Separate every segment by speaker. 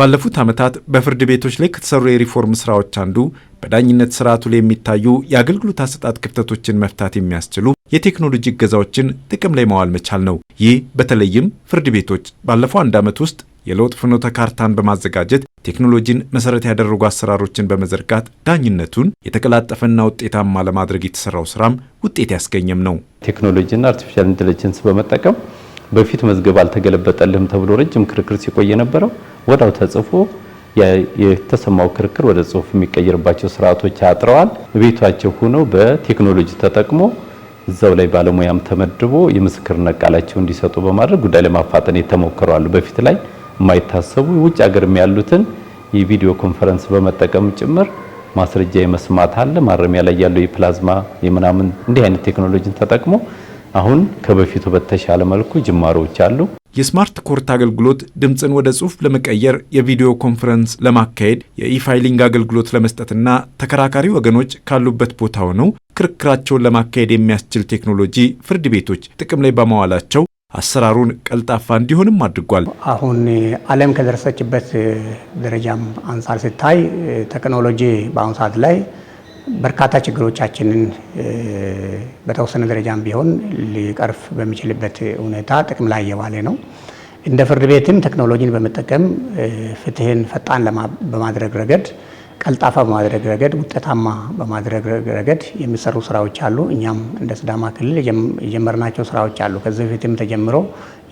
Speaker 1: ባለፉት ዓመታት በፍርድ ቤቶች ላይ ከተሰሩ የሪፎርም ስራዎች አንዱ በዳኝነት ስርዓቱ ላይ የሚታዩ የአገልግሎት አሰጣጥ ክፍተቶችን መፍታት የሚያስችሉ የቴክኖሎጂ እገዛዎችን ጥቅም ላይ ማዋል መቻል ነው። ይህ በተለይም ፍርድ ቤቶች ባለፈው አንድ ዓመት ውስጥ የለውጥ ፍኖተ ካርታን በማዘጋጀት ቴክኖሎጂን መሰረት ያደረጉ አሰራሮችን በመዘርጋት ዳኝነቱን የተቀላጠፈና ውጤታማ ለማድረግ የተሰራው ስራም ውጤት ያስገኘም ነው።
Speaker 2: ቴክኖሎጂና አርቲፊሻል ኢንቴሊጀንስ በመጠቀም በፊት መዝገብ አልተገለበጠልህም ተብሎ ረጅም ክርክር ሲቆይ የነበረው ወዳው ተጽፎ የተሰማው ክርክር ወደ ጽሁፍ የሚቀየርባቸው ስርዓቶች አጥረዋል። ቤቷቸው ሆነው በቴክኖሎጂ ተጠቅሞ እዛው ላይ ባለሙያም ተመድቦ የምስክርነት ቃላቸው እንዲሰጡ በማድረግ ጉዳይ ለማፋጠን የተሞክረዋል። በፊት ላይ የማይታሰቡ ውጭ ሀገርም ያሉትን የቪዲዮ ኮንፈረንስ በመጠቀም ጭምር ማስረጃ የመስማት አለ ማረሚያ ላይ ያለው የፕላዝማ የምናምን እንዲህ አይነት ቴክኖሎጂን ተጠቅሞ አሁን ከበፊቱ በተሻለ መልኩ ጅማሮዎች አሉ።
Speaker 1: የስማርት ኮርት አገልግሎት ድምፅን ወደ ጽሁፍ ለመቀየር የቪዲዮ ኮንፈረንስ ለማካሄድ የኢፋይሊንግ አገልግሎት ለመስጠትና ተከራካሪ ወገኖች ካሉበት ቦታ ሆነው ክርክራቸውን ለማካሄድ የሚያስችል ቴክኖሎጂ ፍርድ ቤቶች ጥቅም ላይ በማዋላቸው አሰራሩን ቀልጣፋ እንዲሆንም አድርጓል።
Speaker 3: አሁን ዓለም ከደረሰችበት ደረጃም አንጻር ሲታይ ቴክኖሎጂ በአሁኑ ሰዓት ላይ በርካታ ችግሮቻችንን በተወሰነ ደረጃም ቢሆን ሊቀርፍ በሚችልበት ሁኔታ ጥቅም ላይ እየዋለ ነው። እንደ ፍርድ ቤትም ቴክኖሎጂን በመጠቀም ፍትህን ፈጣን በማድረግ ረገድ ቀልጣፋ በማድረግ ረገድ ውጤታማ በማድረግ ረገድ የሚሰሩ ስራዎች አሉ። እኛም እንደ ስዳማ ክልል የጀመርናቸው ስራዎች አሉ። ከዚህ በፊትም ተጀምሮ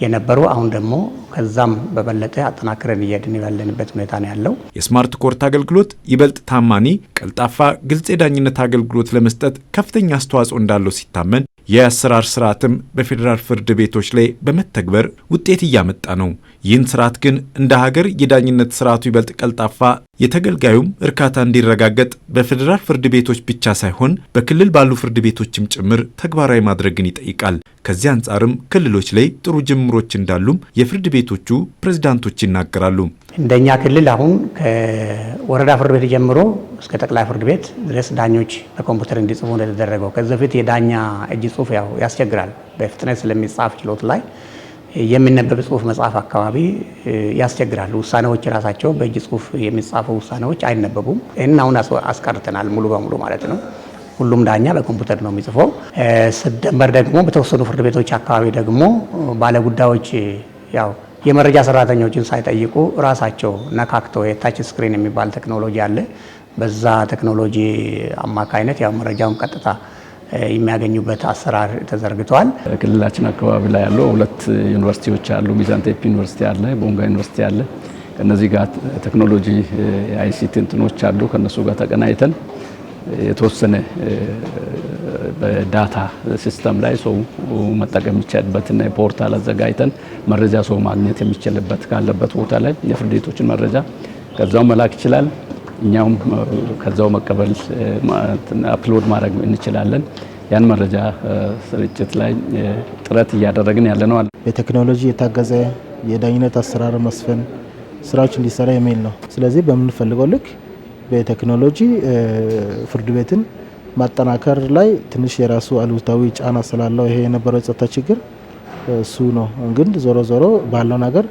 Speaker 3: የነበሩ አሁን ደግሞ ከዛም በበለጠ አጠናክረን እየድን ያለንበት ሁኔታ ነው ያለው።
Speaker 1: የስማርት ኮርት አገልግሎት ይበልጥ ታማኒ፣ ቀልጣፋ፣ ግልጽ የዳኝነት አገልግሎት ለመስጠት ከፍተኛ አስተዋጽኦ እንዳለው ሲታመን የአሰራር ስርዓትም በፌዴራል ፍርድ ቤቶች ላይ በመተግበር ውጤት እያመጣ ነው። ይህን ስርዓት ግን እንደ ሀገር የዳኝነት ስርዓቱ ይበልጥ ቀልጣፋ፣ የተገልጋዩም እርካታ እንዲረጋገጥ በፌዴራል ፍርድ ቤቶች ብቻ ሳይሆን በክልል ባሉ ፍርድ ቤቶችም ጭምር ተግባራዊ ማድረግን ይጠይቃል። ከዚህ አንጻርም ክልሎች ላይ ጥሩ ጅምሮች እንዳሉም የፍርድ ቤቶቹ ፕሬዝዳንቶች ይናገራሉ።
Speaker 3: እንደኛ ክልል አሁን ከወረዳ ፍርድ ቤት ጀምሮ እስከ ጠቅላይ ፍርድ ቤት ድረስ ዳኞች በኮምፒውተር እንዲጽፉ እንደተደረገው ከዚ በፊት የዳኛ እጅ ጽሁፍ ያው ያስቸግራል። በፍጥነት ስለሚጻፍ ችሎት ላይ የሚነበብ ጽሁፍ መጽሐፍ አካባቢ ያስቸግራል። ውሳኔዎች ራሳቸው በእጅ ጽሁፍ የሚጻፉ ውሳኔዎች አይነበቡም። ይህን አሁን አስቀርተናል ሙሉ በሙሉ ማለት ነው። ሁሉም ዳኛ በኮምፒውተር ነው የሚጽፈው። ስደመር ደግሞ በተወሰኑ ፍርድ ቤቶች አካባቢ ደግሞ ባለጉዳዮች ያው የመረጃ ሰራተኞችን ሳይጠይቁ ራሳቸው ነካክተው የታች ስክሪን የሚባል ቴክኖሎጂ አለ። በዛ ቴክኖሎጂ አማካይነት ያው መረጃውን ቀጥታ የሚያገኙበት አሰራር ተዘርግተዋል።
Speaker 4: ክልላችን አካባቢ ላይ ያለው ሁለት ዩኒቨርሲቲዎች አሉ። ሚዛን ቴፒ ዩኒቨርሲቲ አለ፣ ቦንጋ ዩኒቨርሲቲ አለ። ከነዚህ ጋር ቴክኖሎጂ አይሲቲ እንትኖች አሉ። ከነሱ ጋር ተቀናይተን የተወሰነ በዳታ ሲስተም ላይ ሰው መጠቀም የሚቻልበትና የፖርታል አዘጋጅተን መረጃ ሰው ማግኘት የሚችልበት ካለበት ቦታ ላይ የፍርድ ቤቶችን መረጃ ከዛው መላክ ይችላል። እኛውም ከዛው መቀበል አፕሎድ ማድረግ እንችላለን። ያን መረጃ ስርጭት ላይ ጥረት እያደረግን ያለ ነው።
Speaker 5: በቴክኖሎጂ የታገዘ የዳኝነት አሰራር መስፈን ስራዎች እንዲሰራ የሚል ነው። ስለዚህ በምንፈልገው ልክ በቴክኖሎጂ ፍርድ ቤትን ማጠናከር ላይ ትንሽ የራሱ አሉታዊ ጫና ስላለው ይሄ የነበረው የጸጥታ ችግር እሱ ነው። ግን ዞሮ ዞሮ ባለው ነገር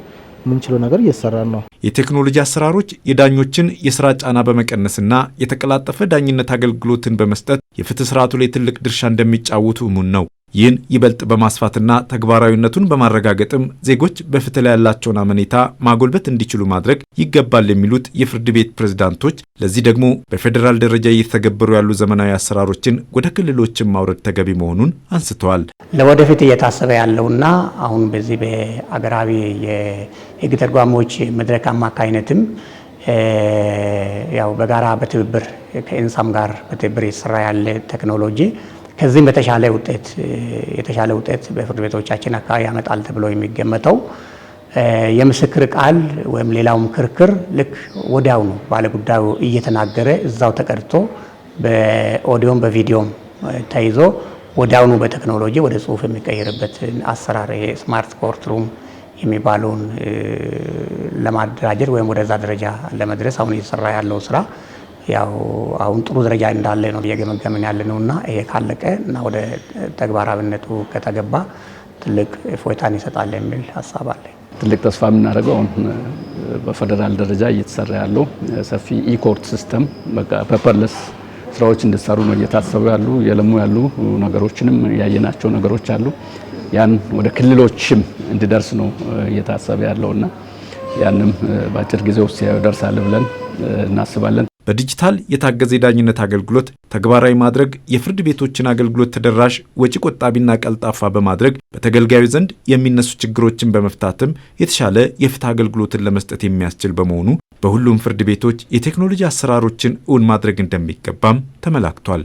Speaker 5: የምንችለው ነገር እየሰራን ነው።
Speaker 1: የቴክኖሎጂ አሰራሮች የዳኞችን የስራ ጫና በመቀነስና የተቀላጠፈ ዳኝነት አገልግሎትን በመስጠት የፍትህ ስርዓቱ ላይ ትልቅ ድርሻ እንደሚጫወቱ እሙን ነው። ይህን ይበልጥ በማስፋትና ተግባራዊነቱን በማረጋገጥም ዜጎች በፍትህ ላይ ያላቸውን አመኔታ ማጎልበት እንዲችሉ ማድረግ ይገባል የሚሉት የፍርድ ቤት ፕሬዝዳንቶች፣ ለዚህ ደግሞ በፌዴራል ደረጃ እየተገበሩ ያሉ ዘመናዊ አሰራሮችን ወደ ክልሎችን ማውረድ ተገቢ መሆኑን አንስተዋል።
Speaker 3: ለወደፊት እየታሰበ ያለውና አሁን በዚህ በአገራዊ የህግ ተርጓሚዎች መድረክ አማካይነትም ያው በጋራ በትብብር ከኢንሳም ጋር በትብብር የተሰራ ያለ ቴክኖሎጂ ከዚህም በተሻለ ውጤት የተሻለ ውጤት በፍርድ ቤቶቻችን አካባቢ ያመጣል ተብሎ የሚገመተው የምስክር ቃል ወይም ሌላውም ክርክር ልክ ወዲያውኑ ባለጉዳዩ እየተናገረ እዛው ተቀድቶ በኦዲዮም በቪዲዮም ተይዞ ወዲያውኑ በቴክኖሎጂ ወደ ጽሁፍ የሚቀይርበት አሰራር ስማርት ኮርት ሩም የሚባለውን ለማደራጀት ወይም ወደዛ ደረጃ ለመድረስ አሁን እየተሰራ ያለው ስራ ያው አሁን ጥሩ ደረጃ እንዳለ ነው እየገመገምን ያለ ነው እና ይሄ ካለቀ እና ወደ ተግባራዊነቱ ከተገባ ትልቅ እፎይታን ይሰጣል የሚል ሀሳብ አለ።
Speaker 4: ትልቅ ተስፋ የምናደርገው አሁን በፌደራል ደረጃ እየተሰራ ያለው ሰፊ ኢኮርት ሲስተም በቃ ፔፐርለስ ስራዎች እንዲሰሩ ነው እየታሰቡ ያሉ የለሙ ያሉ ነገሮችንም ያየናቸው ነገሮች አሉ። ያን ወደ ክልሎችም እንዲደርስ ነው እየታሰበ ያለውና ያንም በአጭር ጊዜ ውስጥ ያደርሳል ብለን እናስባለን።
Speaker 1: በዲጂታል የታገዘ የዳኝነት አገልግሎት ተግባራዊ ማድረግ የፍርድ ቤቶችን አገልግሎት ተደራሽ፣ ወጪ ቆጣቢና ቀልጣፋ በማድረግ በተገልጋዩ ዘንድ የሚነሱ ችግሮችን በመፍታትም የተሻለ የፍትህ አገልግሎትን ለመስጠት የሚያስችል በመሆኑ በሁሉም ፍርድ ቤቶች የቴክኖሎጂ አሰራሮችን እውን ማድረግ እንደሚገባም ተመላክቷል።